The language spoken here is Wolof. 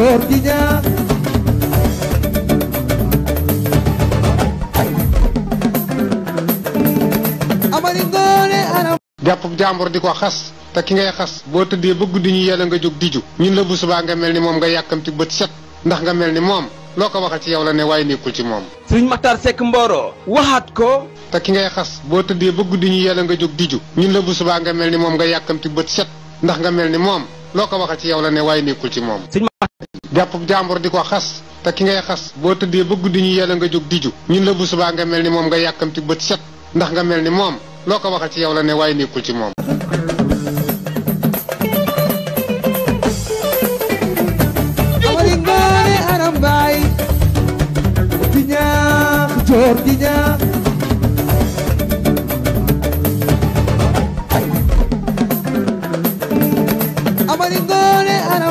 sepertinya jàppub jàmbur di ko xas te ki ngay ya xas bo tuddé bëgg di ñu yéla nga jóg diju ñun la bu suba nga melni mom moom nga yàkkamti bëtt set ndax nga melni mom loko waxal ci yow la ne way nekkul ci mom sëriñ Maxtaar mboro waxat ko ta ki ngay ya xas bo tuddé bëgg di ñu yéla nga jóg diju ñun la bu suba nga melni mom moom nga yàkkamti bëtt set ndax nga melni mom loko waxal ci yow la ne way nekkul ci mom japp jambour diko xass ta ki ngay xass bo tuddé bëgg di ñu yéla nga jog di ju ñun la bu suba nga melni mom nga yakamti bëtt set ndax nga melni mom loko waxal ci yow la né way nekkul ci mom moom Jordinya Amalingone